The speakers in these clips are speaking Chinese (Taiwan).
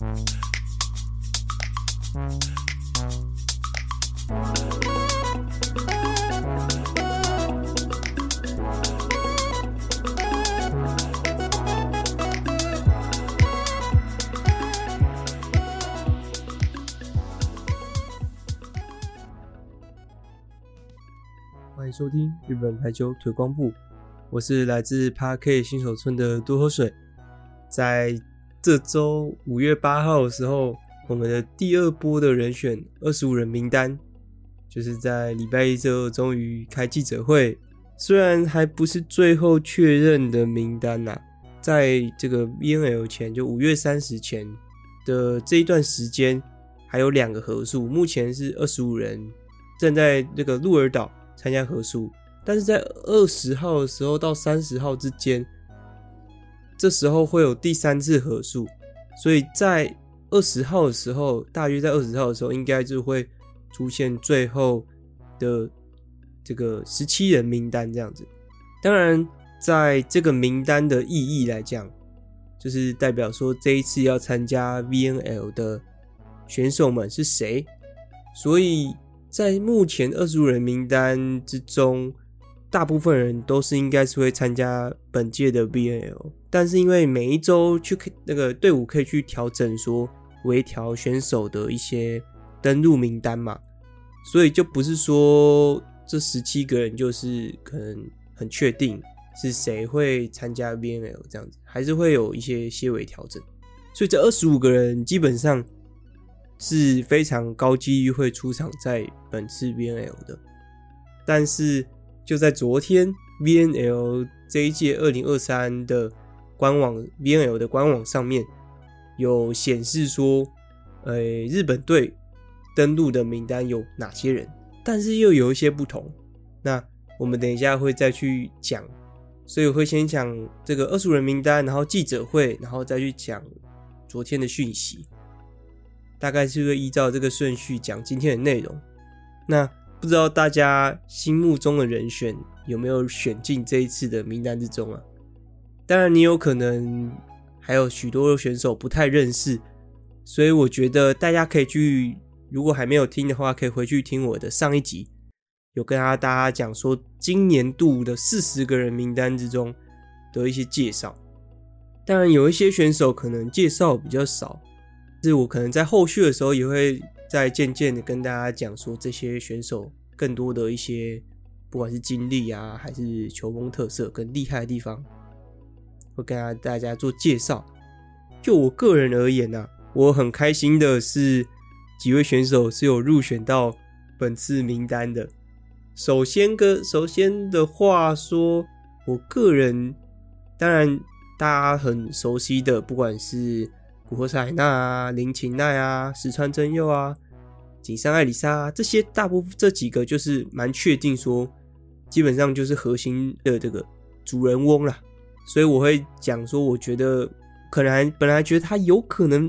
歡迎收聽日本排球推廣部，我是來自 Park 新手村的多喝水，在。這周五月八號的時候，我們的第二波的人選二十五人名單，就是在禮拜一之後終於開記者會，雖然還不是最後確認的名單吶、啊，在這個 VNL 前，就五月三十前的這一段時間，還有兩個合宿，目前是二十五人正在那個鹿兒島參加合宿，但是在二十號的時候到三十號之間。這時候會有第三次合數，所以在二十號的時候，大約在二十號的時候，應該就會出現最後的這個十七人名單這樣子。當然，在這個名單的意義來講，就是代表說這一次要參加 VNL 的選手們是誰。所以在目前二十五人名單之中。大部分人都是應該是會參加本屆的 VNL，但是因為每一周去那個隊伍可以去調整說微調選手的一些登錄名單嘛，所以就不是說這十七個人就是可能很確定是誰會參加 VNL 這樣子，還是會有一些些微調整，所以這二十五個人基本上是非常高幾率會出場在本次 VNL 的，但是。就在昨天，VNL 這一屆二零二三的官網，VNL 的官網上面有顯示說，呃、欸，日本隊登錄的名單有哪些人，但是又有一些不同。那我們等一下會再去講，所以我會先講這個二十五人名單，然後記者會，然後再去講昨天的訊息，大概是會是依照這個順序講今天的內容。那，不知道大家心目中的人選有沒有選進這一次的名單之中啊？當然，你有可能還有許多選手不太認識，所以我覺得大家可以去，如果還沒有聽的話，可以回去聽我的上一集，有跟大家講說，今年度的四十個人名單之中的一些介紹。當然，有一些選手可能介紹比較少，是我可能在後續的時候也會。再漸漸的跟大家講說這些選手更多的一些，不管是經歷啊，還是球風特色跟厲害的地方，會跟大家做介紹。就我個人而言呢、啊，我很開心的是幾位選手是有入選到本次名單的。首先，跟首先的話說，我個人當然大家很熟悉的，不管是，古賀紗理那啊，林琴奈啊，石川真佑啊，井上愛里沙這些，大部分這幾個就是蠻確定說，基本上就是核心的這個主人翁啦。所以我會講說，我覺得可能還本來覺得他有可能，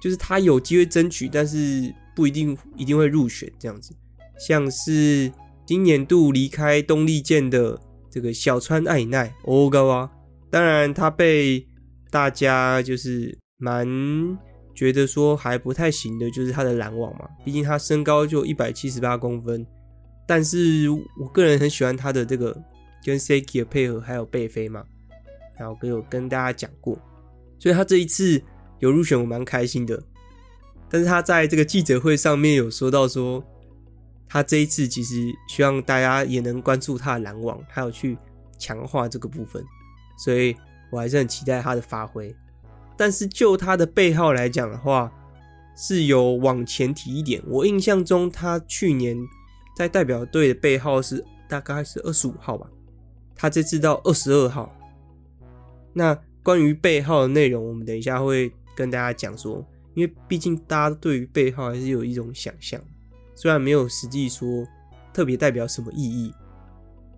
就是他有機會爭取，但是不一定一定會入選這樣子。像是今年度離開東麗箭的這個小川愛里奈 OGAWA 啊，當然他被大家就是。蠻覺得說還不太行的，就是他的攔網嘛，畢竟他身高就一百七十八公分。但是我個人很喜歡他的這個跟 Siki 的配合，還有背飛嘛，然後有跟大家講過，所以他這一次有入選，我蠻開心的。但是他在這個記者會上面有說到說，他這一次其實希望大家也能關注他的攔網，還有去強化這個部分，所以我還是很期待他的發揮。但是就他的背號來講的話，是有往前提一點。我印象中他去年在代表隊的背號是大概是二十五號吧，他這次到二十二號。那關於背號的內容，我們等一下會跟大家講說，因為畢竟大家對於背號還是有一種想象，雖然沒有實際說特別代表什麼意義，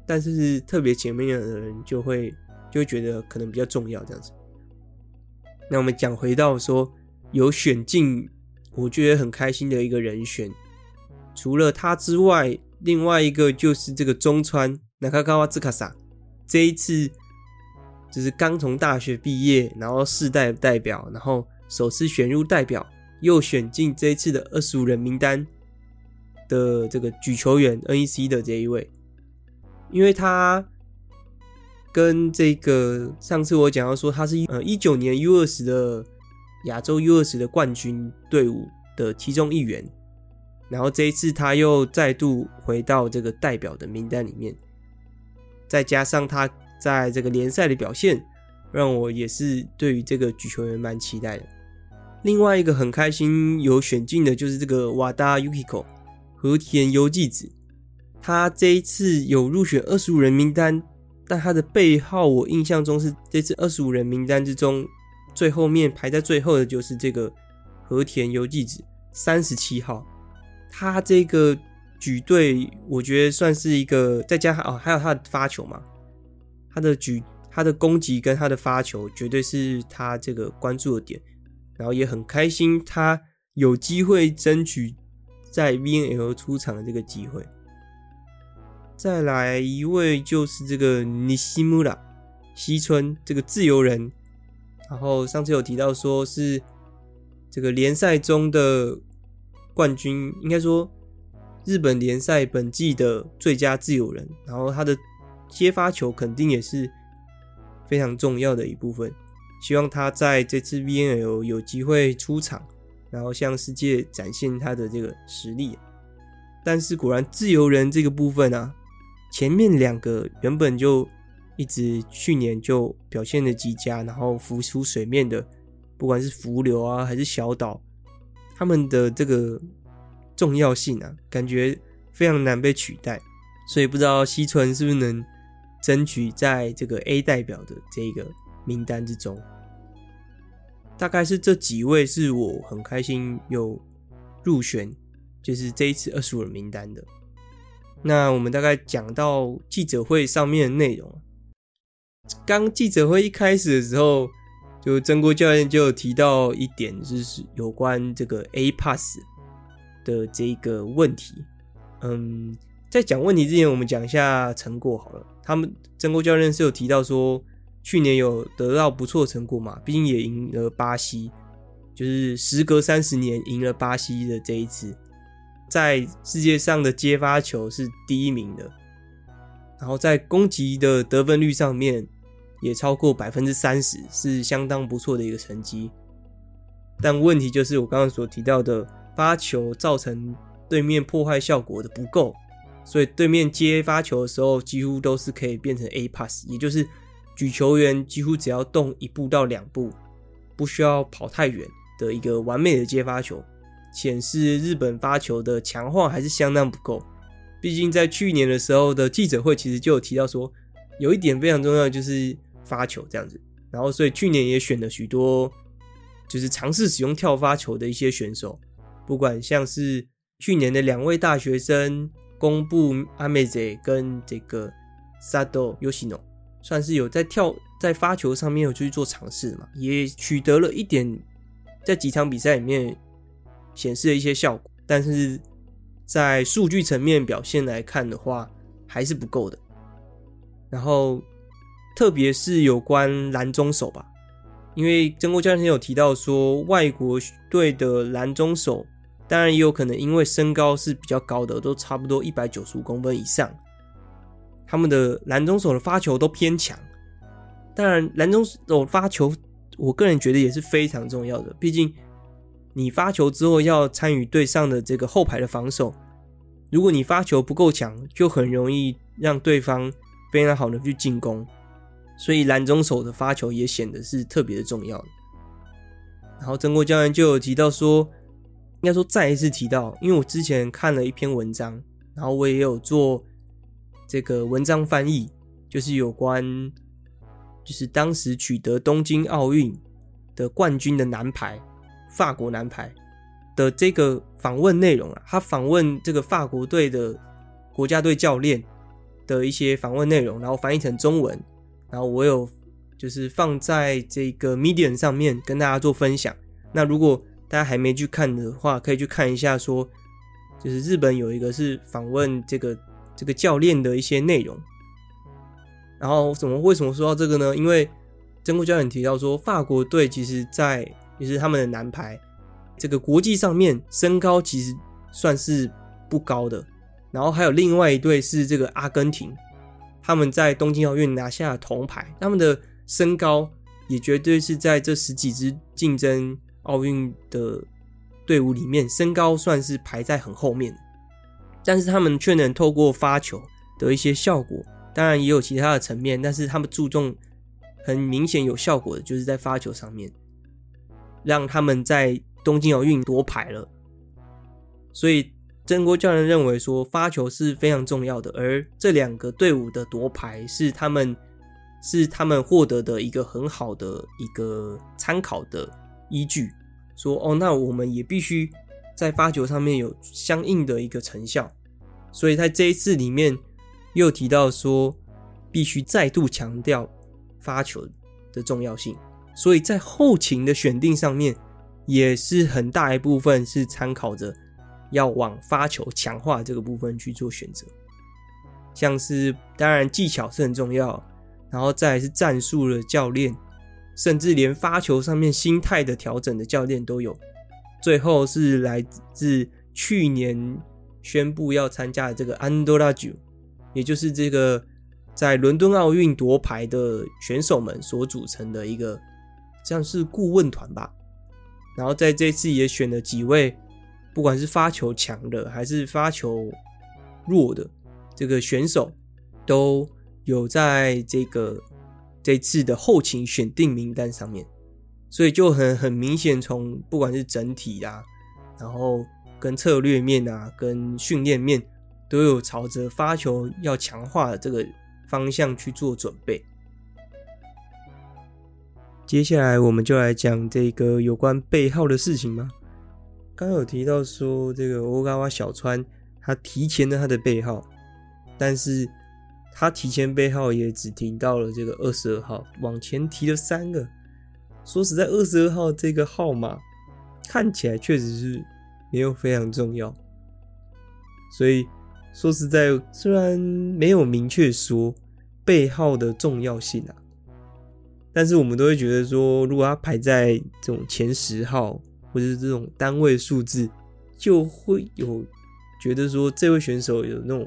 但是特別前面的人就會就會覺得可能比較重要這樣子。那我們講回到說有選進，我覺得很開心的一個人選。除了他之外，另外一個就是這個中川那卡卡瓦茲卡薩，這一次就是剛從大學畢業，然後世代代表，然後首次選入代表，又選進這一次的二十五人名單的這個舉球員 NEC 的這一位，因為他。跟這個上次我講到說，他是呃一九年 U 二十的亞洲 U 二十的冠軍隊伍的其中一員，然後這一次他又再度回到這個代表的名單裡面，再加上他在這個聯賽的表現，讓我也是對於這個舉球員蠻期待的。另外一個很開心有選進的就是這個 Wada Yukiko 和田由紀子，他這一次有入選二十五人名單。但他的背號，我印象中是這次二十五人名單之中最後面排在最後的，就是這個和田由紀子三十七號。他這個舉隊，我覺得算是一個，再加上哦，還有他的發球嘛，他的舉、他的攻擊跟他的發球，絕對是他這個關注的點。然後也很開心，他有機會爭取在 VNL 出場的這個機會。再來一位就是這個尼西穆拉，西村這個自由人。然後上次有提到說是這個聯賽中的冠軍，應該說日本聯賽本季的最佳自由人。然後他的接發球肯定也是非常重要的一部分。希望他在這次 VNL 有機會出場，然後向世界展現他的這個實力。但是果然自由人這個部分啊。前面兩個原本就一直去年就表現的極佳，然後浮出水面的，不管是浮流啊還是小島，他們的這個重要性啊，感覺非常難被取代，所以不知道西村是不是能爭取在這個 A 代表的這個名單之中。大概是這幾位是我很開心有入選，就是這一次二十五人名單的。那我們大概講到記者會上面的內容。剛記者會一開始的時候，就真鍋教練就有提到一點，就是有關這個 A Pass 的這個問題。嗯，在講問題之前，我們講一下成果好了。他們真鍋教練是有提到說，去年有得到不錯成果嘛，畢竟也贏了巴西，就是時隔三十年贏了巴西的這一次。在世界上的接發球是第一名的，然後在攻擊的得分率上面也超過百分之三十，是相當不錯的一個成績。但問題就是我剛剛所提到的發球造成對面破壞效果的不夠，所以對面接發球的時候幾乎都是可以變成 A pass，也就是舉球員幾乎只要動一步到兩步，不需要跑太遠的一個完美的接發球。顯示日本發球的強化還是相當不夠，畢竟在去年的時候的記者會其實就有提到說，有一點非常重要的就是發球這樣子，然後所以去年也選了許多就是嘗試使用跳發球的一些選手，不管像是去年的兩位大學生公布阿美澤跟這個 Sato Yoshino，算是有在跳在發球上面有去做嘗試嘛，也取得了一點在幾場比賽裡面。顯示了一些效果，但是在數據層面表現來看的話，還是不夠的。然後，特別是有關攔中手吧，因為曾國教授有提到說，外國隊的攔中手，當然也有可能因為身高是比較高的，都差不多一百九十五公分以上，他們的攔中手的發球都偏強。當然，攔中手發球，我個人覺得也是非常重要的，畢竟。你發球之後要參與對上的這個後排的防守，如果你發球不夠強，就很容易讓對方非常好的去進攻，所以攔中手的發球也顯得是特別的重要。然後曾國教練就有提到說，應該說再一次提到，因為我之前看了一篇文章，然後我也有做這個文章翻譯，就是有關就是當時取得東京奧運的冠軍的男排。法國男排的這個訪問內容啊，他訪問這個法國隊的國家隊教練的一些訪問內容，然後翻譯成中文，然後我有就是放在這個 Medium 上面，跟大家做分享。那如果大家還沒去看的話，可以去看一下。說就是日本有一個是訪問這個這個教練的一些內容。然後怎麼為什麼說到這個呢？因為曾國教練提到，說法國隊其實，在也是他們的男排，這個國際上面身高其實算是不高的。然後還有另外一隊是這個阿根廷，他們在東京奧運拿下了銅牌，他們的身高也絕對是在這十幾支競爭奧運的隊伍裡面身高算是排在很後面的。但是他們卻能透過發球的一些效果，當然也有其他的層面，但是他們注重很明顯有效果的就是在發球上面。讓他們在東京奧運奪牌了，所以曾國教練認為說發球是非常重要的，而這兩個隊伍的奪牌是他們是他們獲得的一個很好的一個參考的依據。說哦，那我們也必須在發球上面有相應的一個成效。所以在這一次裡面又提到說，必須再度強調發球的重要性。所以在後勤的選定上面，也是很大一部分是參考着要往發球強化這個部分去做選擇。像是當然技巧是很重要，然後再來是戰術的教練，甚至連發球上面心態的調整的教練都有。最後是來自去年宣布要參加的這個安德拉九，也就是這個在倫敦奧運奪牌的選手們所組成的一個。像是顧問團吧，然後在這次也選了幾位，不管是發球強的還是發球弱的，這個選手都有在這個這次的後勤選定名單上面，所以就很很明顯，從不管是整體啊，然後跟策略面啊，跟訓練面，都有朝着發球要強化的這個方向去做準備。接下來我們就來講這個有關背號的事情嘛。剛有提到說，這個歐嘎哇小川他提前了他的背號，但是他提前背號也只停到了這個二十二號，往前提了三個。說實在，二十二號這個號碼看起來確實是沒有非常重要。所以說實在，雖然沒有明確說背號的重要性啊。但是我們都會覺得說，如果他排在這種前十號，或者是這種單位數字，就會有覺得說這位選手有那種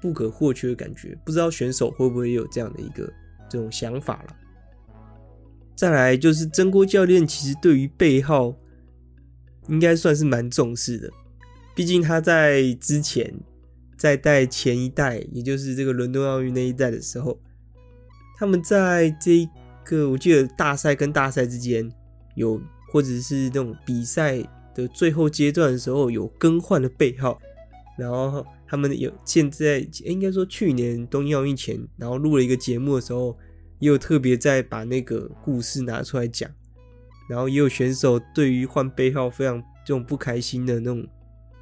不可或缺的感覺。不知道選手會不會有這樣的一個這種想法了。再來就是真鍋教練，其實對於背號應該算是蠻重視的，畢竟他在之前在帶前一代，也就是這個倫敦奧運那一代的時候，他們在這一。個我記得大賽跟大賽之間有，或者是那種比賽的最後階段的時候有更換的背號，然後他們有現在、欸、應該說去年東京奧運前，然後錄了一個節目的時候，也有特別在把那個故事拿出來講，然後也有選手對於換背號非常這種不開心的那種，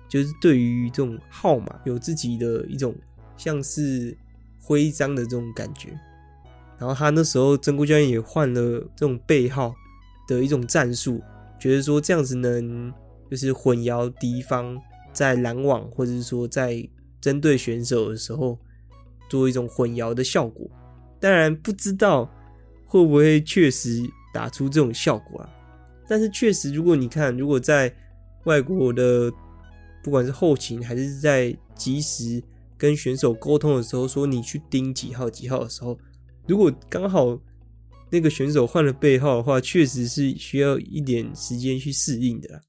就是對於這種號碼有自己的一種像是徽章的這種感覺。然後他那時候真鍋教練也換了這種背號的一種戰術，覺得說這樣子能就是混淆敵方在攔網或者是說在針對選手的時候做一種混淆的效果。當然不知道會不會確實打出這種效果啊？但是確實，如果你看，如果在外國的不管是後勤還是在及時跟選手溝通的時候，說你去盯幾號幾號的時候。如果剛好那個選手換了背號的話，確實是需要一點時間去適應的啦。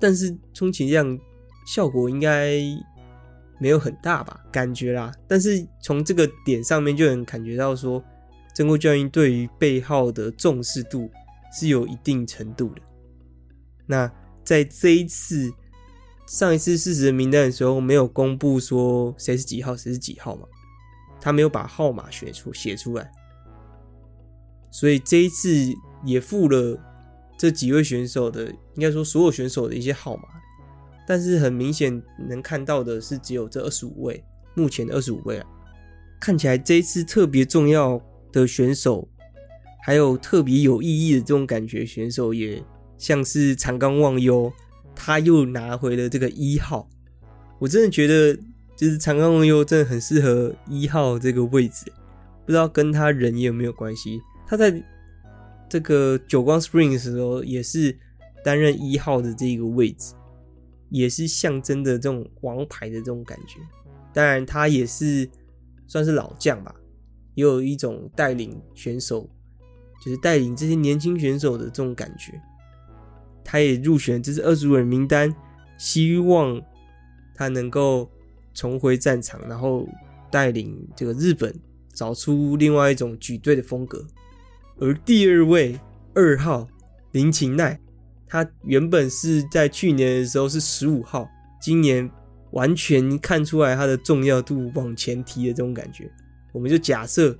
但是充其量效果應該沒有很大吧，感覺啦。但是從這個點上面就能感覺到說，真鍋教練對於背號的重視度是有一定程度的。那在這一次、上一次事實的名單的時候，沒有公布說誰是幾號，誰是幾號嘛？他沒有把號碼寫出寫出來，所以這一次也附了這幾位選手的，應該說所有選手的一些號碼，但是很明顯能看到的是，只有這二十五位，目前的二十五位啊，看起來這一次特別重要的選手，還有特別有意義的這種感覺，選手也像是長岡望悠，他又拿回了這個一號，我真的覺得。就是長岡望悠真的很適合一號這個位置，不知道跟他人有沒有關係？他在這個久光 Springs 的時候也是擔任一號的這個位置，也是象徵著這種王牌的這種感覺。當然，他也是算是老將吧，也有一種帶領選手，就是帶領這些年輕選手的這種感覺。他也入選這是二十五人名單，希望他能夠。重回戰場，然後帶領這個日本找出另外一種舉隊的風格。而第二位二號林琴奈，他原本是在去年的時候是十五號，今年完全看出來他的重要度往前提的這種感覺。我們就假設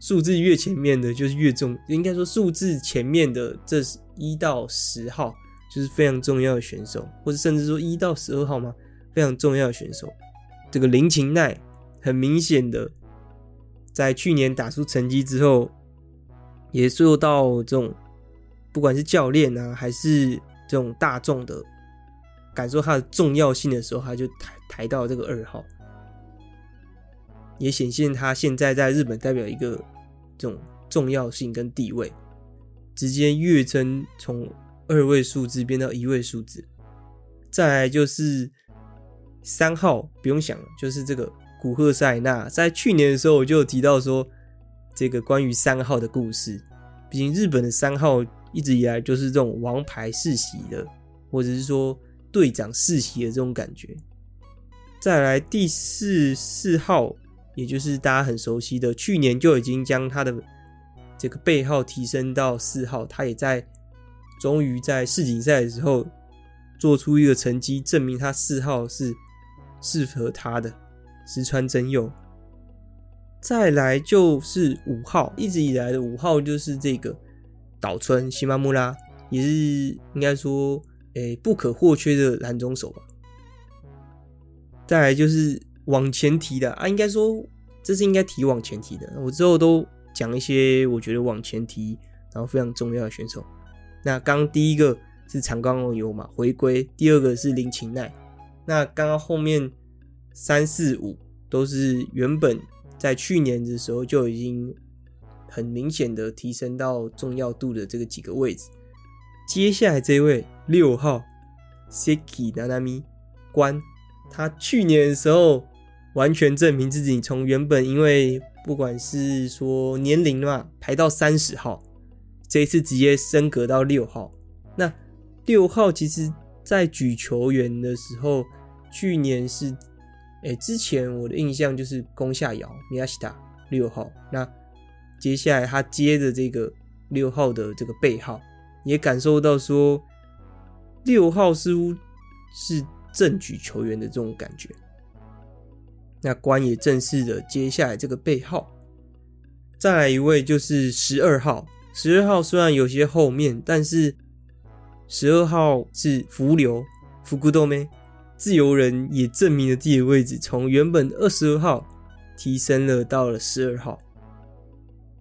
數字越前面的就是越重，應該說數字前面的這一到十號就是非常重要的選手，或者甚至說一到十二號嘛，非常重要的選手。這個林琴奈很明顯的，在去年打出成績之後，也受到這種不管是教練啊，還是這種大眾的感受他的重要性的時候，他就抬抬到這個二號，也顯現他現在在日本代表一個這種重要性跟地位，直接躍升從二位數字變到一位數字，再來就是。三號不用想了，就是這個古賀塞納。在去年的時候，我就有提到說，這個關於三號的故事。畢竟日本的三號一直以來就是這種王牌世襲的，或者是說隊長世襲的這種感覺。再來第四四號，也就是大家很熟悉的，去年就已經將他的這個背號提升到四號，他也在終於在世錦賽的時候做出一個成績，證明他四號是。適合他的石川真佑，再來就是五號，一直以來的五號就是這個島村西馬木拉，也是應該說誒、欸、不可或缺的攔中手吧。再來就是往前提的啊應，應該說這是應該提往前提的，我之後都講一些我覺得往前提然後非常重要的選手。那剛剛第一個是長岡望悠嘛回歸，第二個是林琴奈，那剛剛後面。三四五都是原本在去年的時候就已經很明顯的提升到重要度的這個幾個位置。接下來這位六號 Seki Nanami 關，他去年的時候完全證明自己。從原本因為不管是說年齡嘛，排到三十號，這一次直接升格到六號。那六號其實在舉球員的時候，去年是。誒、欸，之前我的印象就是宮下遙 （Miyashita 六號）。那接下來他接着這個六號的這個背號，也感受到說六號似乎是正舉球員的這種感覺。那關也正士的接下來這個背號，再來一位就是十二號。十二號雖然有些後面，但是十二號是福留（福谷豆咩）。自由人也證明了自己的位置，從原本二十二號提升了到了十二號。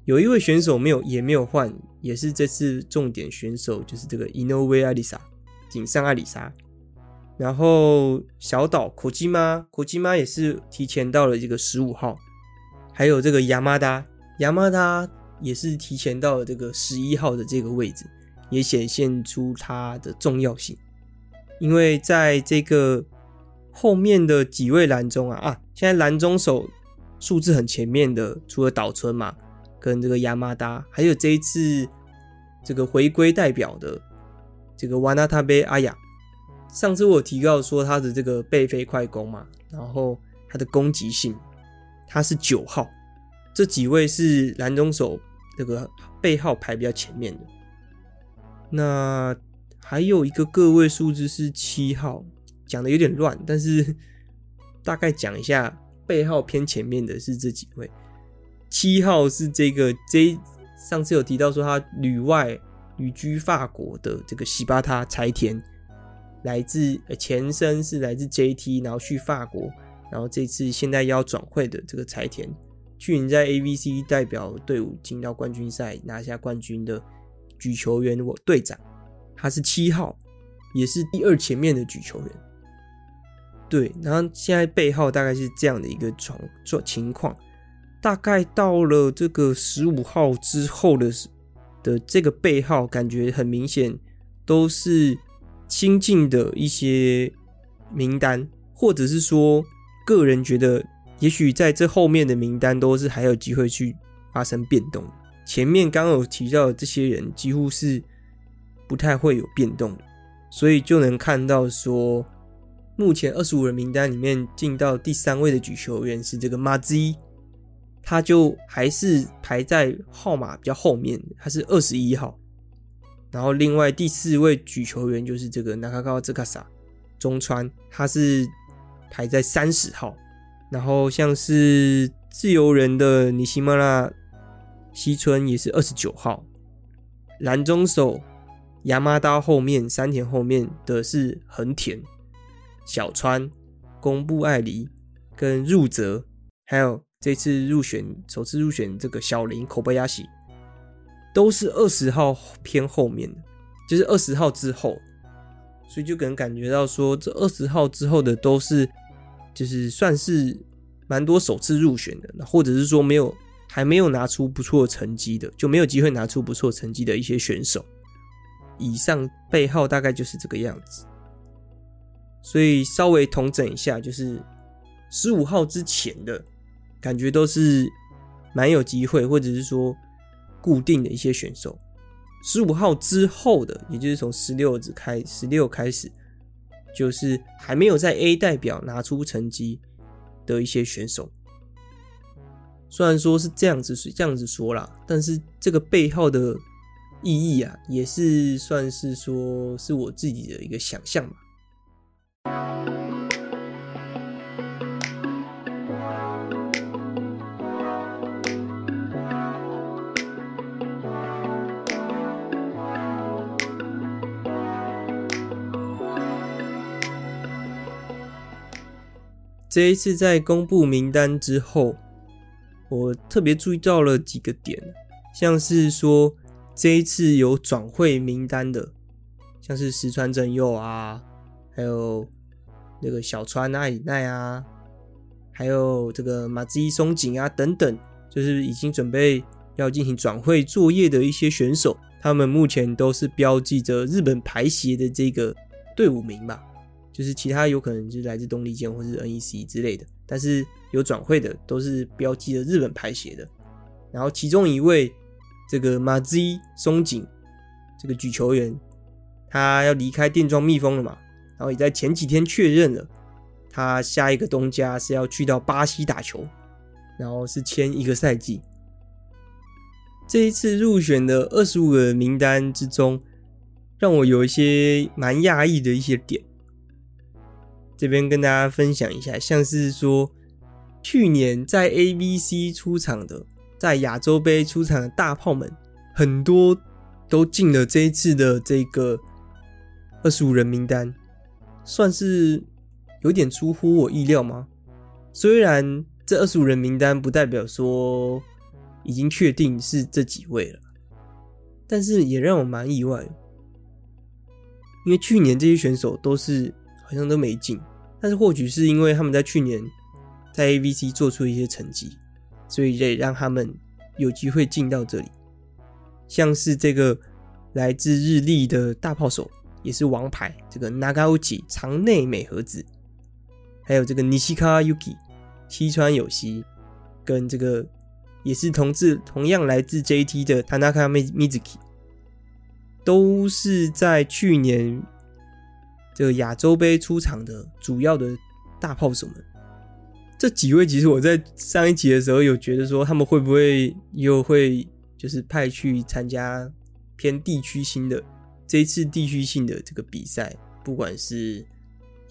有一位選手沒有，也沒有換，也是這次重點選手，就是這個 Inoue 阿麗莎，井上艾麗莎。然後小島 Kojima Kojima 也是提前到了這個十五號。還有這個 Yamada Yamada 也是提前到了這個十一號的這個位置，也顯現出它的重要性。因為在這個後面的幾位藍中啊啊，現在藍中手數字很前面的，除了島村嘛，跟這個亞麻達，還有這一次這個回歸代表的這個瓦納塔貝阿雅。上次我有提到說他的這個背飛快攻嘛，然後他的攻擊性，他是九號。這幾位是藍中手這個背號排比較前面的，那。還有一個個位數字是七號，講的有點亂，但是大概講一下，背號偏前面的是這幾位，七號是這個 J，上次有提到說他旅外旅居法國的這個西巴塔柴田，來自呃前身是來自 JT，然後去法國，然後這次現在要轉會的這個柴田，去年在 ABC 代表隊伍進到冠軍賽拿下冠軍的舉球員我隊長。他是七號，也是第二前面的舉球員。對，然後現在背號大概是這樣的一個狀狀情況。大概到了這個十五號之後的的這個背號，感覺很明顯都是新進的一些名單，或者是說個人覺得，也許在這後面的名單都是還有機會去發生變動。前面剛，剛有提到的這些人，幾乎是。不太會有變動，所以就能看到說，目前二十五人名單裡面進到第三位的舉球員是這個馬茲他就還是排在號碼比較後面，他是二十一號。然後另外第四位舉球員就是這個南高澤卡薩中川，他是排在三十號。然後像是自由人的尼西馬拉西村也是二十九號，藍中手，亞麻刀後面，山田後面的是橫田、小川、宮部愛梨跟入澤，還有這次入選首次入選這個小林口碑亞喜，都是二十號偏後面的，就是二十號之後，所以就給人感覺到說，這二十號之後的都是就是算是蠻多首次入選的，或者是說沒有還沒有拿出不錯成績的，就沒有機會拿出不錯成績的一些選手。以上背號大概就是這個樣子，所以稍微統整一下，就是十五號之前的，感覺都是蠻有機會，或者是說固定的一些選手；十五號之後的，也就是從十六子開十六開始，就是還沒有在 A 代表拿出成績的一些選手。雖然說是這樣子，是這樣子說啦，但是這個背號的，意義啊，也是算是說是我自己的一個想象嘛。這一次在公布名單之後，我特別注意到了幾個點，像是說。這一次有轉會名單的，像是石川真佑啊，還有那個小川愛里奈啊，還有這個馬自一松井啊等等，就是已經準備要進行轉會作業的一些選手，他們目前都是標記着日本排協的這個隊伍名吧，就是其他有可能就是來自東麗健或是 NEC 之類的，但是有轉會的都是標記着日本排協的，然後其中一位。這個馬茲松井，這個舉球員，他要離開電裝蜜蜂了嘛？然後也在前幾天確認了，他下一個東家是要去到巴西打球，然後是簽一個賽季。這一次入選的二十五個名單之中，讓我有一些蠻訝異的一些點，這邊跟大家分享一下，像是說去年在 ABC 出場的。在亞洲盃出場的大炮們，很多都進了這一次的這個二十五人名單，算是有點出乎我意料嗎？雖然這二十五人名單不代表說已經確定是這幾位了，但是也讓我蠻意外，因為去年這些選手都是好像都沒進，但是或許是因為他們在去年在 AVC 做出一些成績。所以得讓他們有機會進到這裡，像是這個來自日立的大炮手，也是王牌，這個 Nagaochi 長內美和子，還有這個 Nishikawa Yuki 西川有希，跟這個也是同志，同樣來自 JT 的 Tanaka Mizuki，都是在去年這個亞洲盃出場的主要的大炮手們。這幾位其實我在上一集的時候有覺得說他們會不會又會就是派去參加偏地區性的這一次地區性的這個比賽，不管是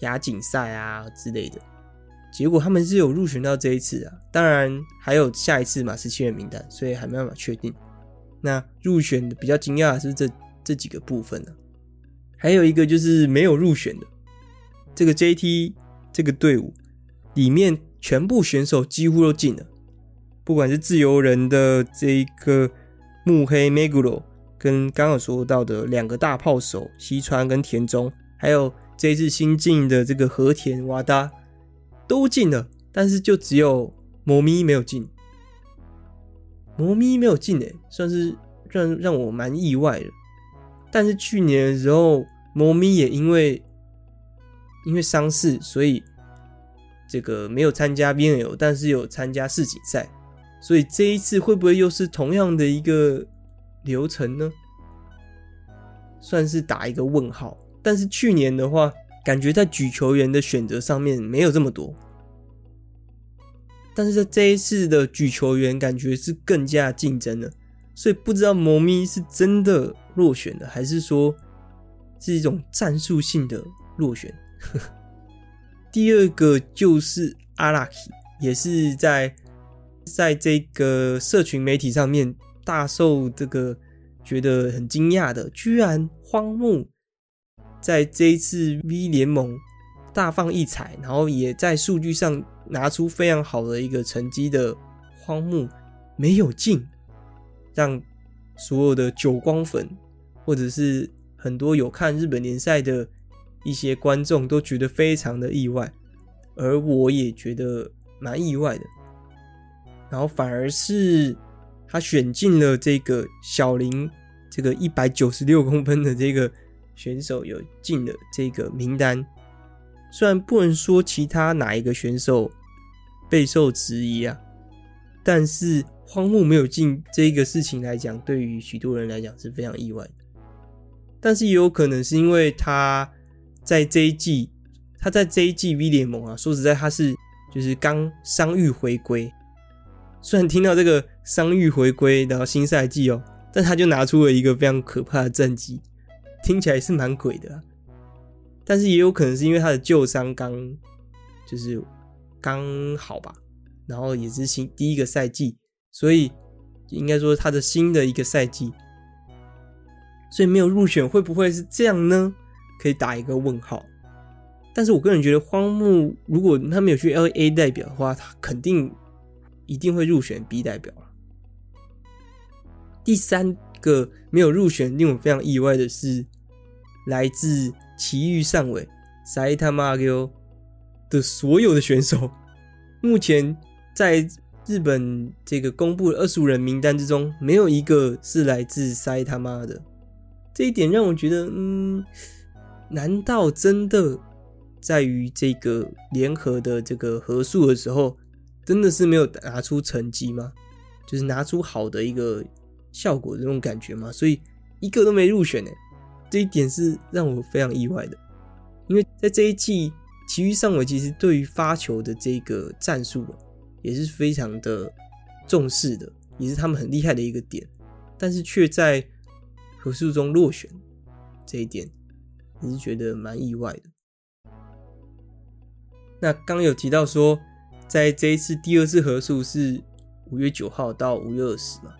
亞錦賽啊之類的，結果他們是有入選到這一次啊，當然還有下一次馬士切的名單，所以還沒有辦法確定。那入選的比較驚訝的是這這幾個部分呢、啊，還有一個就是沒有入選的這個 JT 這個隊伍裡面。全部選手幾乎都進了，不管是自由人的這個目黑 Meguro 跟剛剛說到的兩個大炮手西川跟田中，還有這一次新進的這個和田哇達都進了，但是就只有摩咪沒有進，摩咪沒有進哎、欸，算是讓讓我蠻意外的。但是去年的時候，摩咪也因為因為傷勢，所以。這個沒有參加 VNL 但是有參加世錦賽，所以這一次會不會又是同樣的一個流程呢？算是打一個問號。但是去年的話，感覺在舉球員的選擇上面沒有這麼多，但是在這一次的舉球員感覺是更加競爭了，所以不知道貓咪是真的落選了，還是說是一種戰術性的落選。呵呵。第二個就是阿拉奇，也是在在這個社群媒體上面大受這個覺得很驚訝的，居然荒木在這一次 V 聯盟大放異彩，然後也在數據上拿出非常好的一個成績的荒木沒有進，讓所有的久光粉或者是很多有看日本聯賽的。一些觀眾都覺得非常的意外，而我也覺得蠻意外的。然後反而是他選進了這個小林，這個一百九十六公分的這個選手有進了這個名單。雖然不能說其他哪一個選手備受質疑啊，但是荒木沒有進這個事情來講，對於許多人來講是非常意外的。但是也有可能是因為他。在這一季，他在這一季 V 聯盟啊，說實在，他是就是剛傷癒回歸。雖然聽到這個傷癒回歸然後新賽季哦，但他就拿出了一個非常可怕的戰績，聽起來是蠻鬼的啊。但是也有可能是因為他的舊傷剛就是剛好吧，然後也是新第一個賽季，所以應該說他的新的一個賽季，所以沒有入選，會不會是這樣呢？可以打一個問號，但是我個人覺得荒木如果他沒有去 LA 代表的話，他肯定一定會入選 B 代表。第三個沒有入選令我非常意外的是，來自奇遇上尾，埼玉的所有的選手，目前在日本這個公布的二十五人名單之中，沒有一個是來自埼玉的，這一點讓我覺得嗯。難道真的在於這個聯合的這個合數的時候，真的是沒有拿出成績嗎？就是拿出好的一個效果的這種感覺嗎？所以一個都沒入選呢，這一點是讓我非常意外的。因為在這一季，其餘上位其實對於發球的這個戰術也是非常的重視的，也是他們很厲害的一個點，但是卻在合數中落選，這一點。還是覺得蠻意外的。那剛有提到說，在這一次第二次合數是五月九號到五月二十嘛，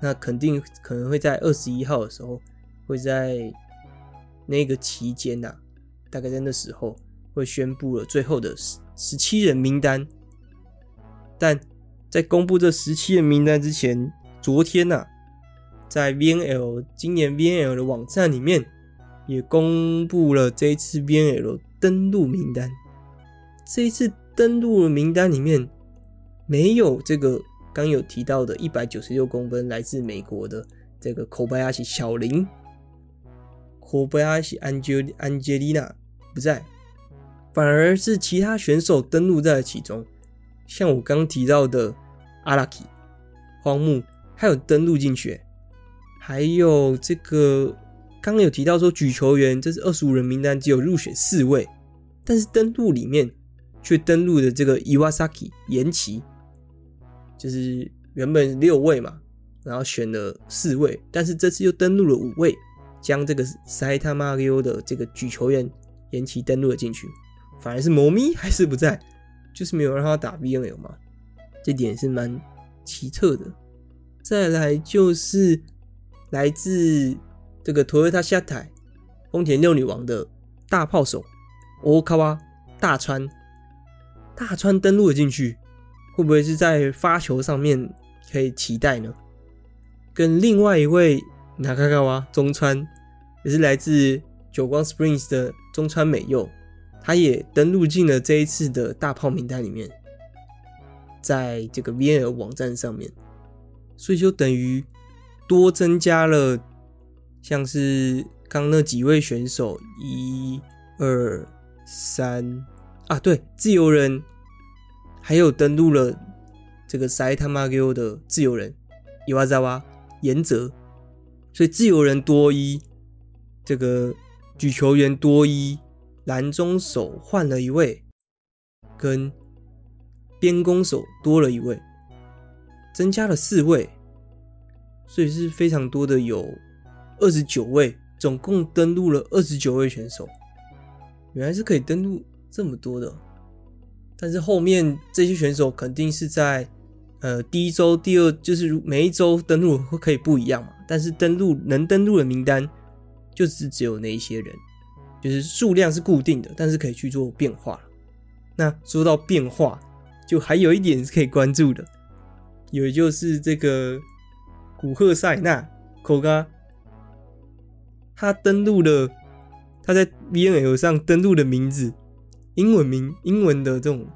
那肯定可能會在二十一號的時候，會在那個期間吶、啊，大概在那時候會宣布了最後的十十七人名單。但在公布這十七人名單之前，昨天吶、啊，在 VNL 今年 VNL 的網站裡面。也公布了這一次 VNL 登錄名單。這一次登錄的名單裡面，沒有這個剛有提到的196公分來自美國的這個 Kobayashi 小林，Kobayashi Angel Angelina，不在，反而是其他選手登錄在其中，像我剛提到的 Araki 荒木還有登錄進去，還有這個。剛剛有提到說，舉球員這是二十五人名單，只有入選四位，但是登錄裡面卻登錄的這個伊 a k 基延崎，就是原本六位嘛，然後選了四位，但是這次又登錄了五位，將這個塞他媽 o 的這個舉球員延崎登錄了進去，反而是摩咪還是不在，就是沒有讓他打 BMO 嘛，這點是蠻奇特的。再來就是來自。這個 Toyota Shatta，豐田六女王的大炮手 Oukawa 大川大川登錄了進去，會不會是在發球上面可以期待呢？跟另外一位哪卡卡瓦中川，也是來自久光 Springs 的中川美佑，他也登錄進了這一次的大炮名單裡面，在這個 VNL 網站上面，所以就等於多增加了。像是剛剛那幾位選手，一、二、三啊，對，自由人還有登錄了這個賽特馬圭的自由人伊娃扎娃，鹽澤，所以自由人多一，這個舉球員多一，籃中手換了一位，跟邊攻手多了一位，增加了四位，所以是非常多的有。二十九位，總共登錄了二十九位選手。原來是可以登錄這麼多的，但是後面這些選手肯定是在，呃，第一周、第二就是每一周登錄會可以不一樣嘛。但是登錄能登錄的名單，就是只，只有那一些人，就是數量是固定的，但是可以去做變化。那說到變化，就還有一點是可以關注的，也就是這個古賀紗理那、口岡。他登錄的，他在 VNL 上登錄的名字，英文名，英文的這種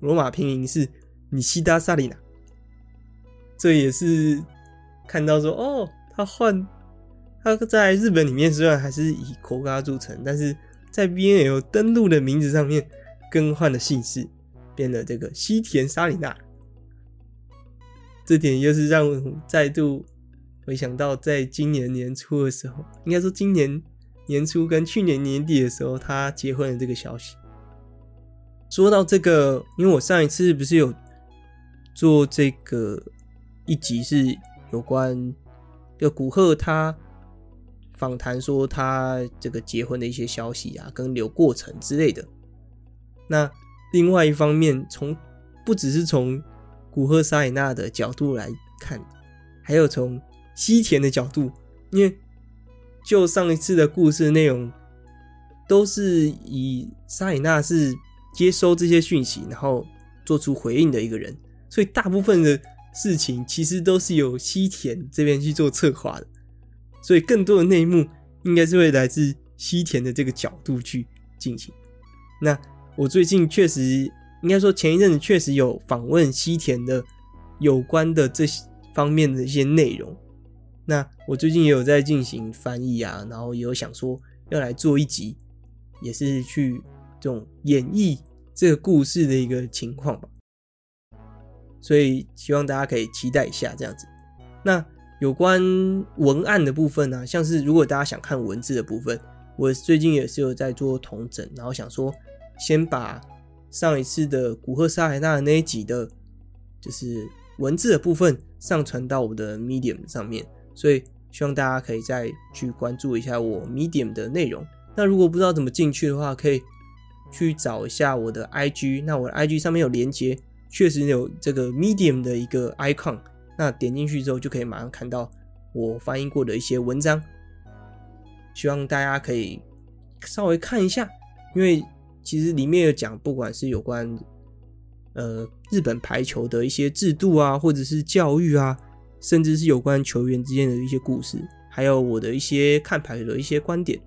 羅馬拼音是你西達沙里娜，這也是看到說哦，他換他在日本裡面雖然還是以古賀著稱，但是在 VNL 登錄的名字上面更換了姓氏，變了這個西田沙里娜，這點又是讓再度，沒想到在今年年初的時候，應該說今年年初跟去年年底的時候，他結婚的這個消息。說到這個，因為我上一次不是有做這個一集是有關就古賀他訪談，說他這個結婚的一些消息啊，跟流過程之類的。那另外一方面，從不只是從古賀紗理那的角度來看，還有從西田的角度，因為就上一次的故事的內容，都是以沙里娜是接收這些訊息，然後做出回應的一個人，所以大部分的事情其實都是由西田這邊去做策劃的，所以更多的內幕應該是會來自西田的這個角度去進行。那我最近確實，應該說前一陣子確實有訪問西田的有關的這方面的一些內容。那我最近也有在進行翻譯啊，然後也有想說要來做一集，也是去這種演繹這個故事的一個情況吧，所以希望大家可以期待一下這樣子。那有關文案的部分呢、啊，像是如果大家想看文字的部分，我最近也是有在做統整，然後想說先把上一次的古賀沙海納那一集的，就是文字的部分上傳到我的 Medium 上面。所以，希望大家可以再去關注一下我 Medium 的內容。那如果不知道怎麼進去的話，可以去找一下我的 IG。那我的 IG 上面有連結，確實有這個 Medium 的一個 icon。那點進去之後，就可以馬上看到我翻譯過的一些文章。希望大家可以稍微看一下，因為其實裡面有講，不管是有關呃日本排球的一些制度啊，或者是教育啊。甚至是有關球員之間的一些故事，還有我的一些看牌的一些觀點，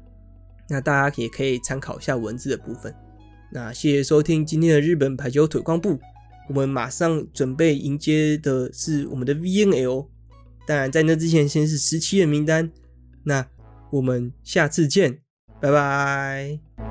那大家也可以參考一下文字的部分。那謝謝收聽今天的日本排球推廣部，我們馬上準備迎接的是我們的 VNL。當然，在那之前先是十七人名單。那我們下次見，拜拜。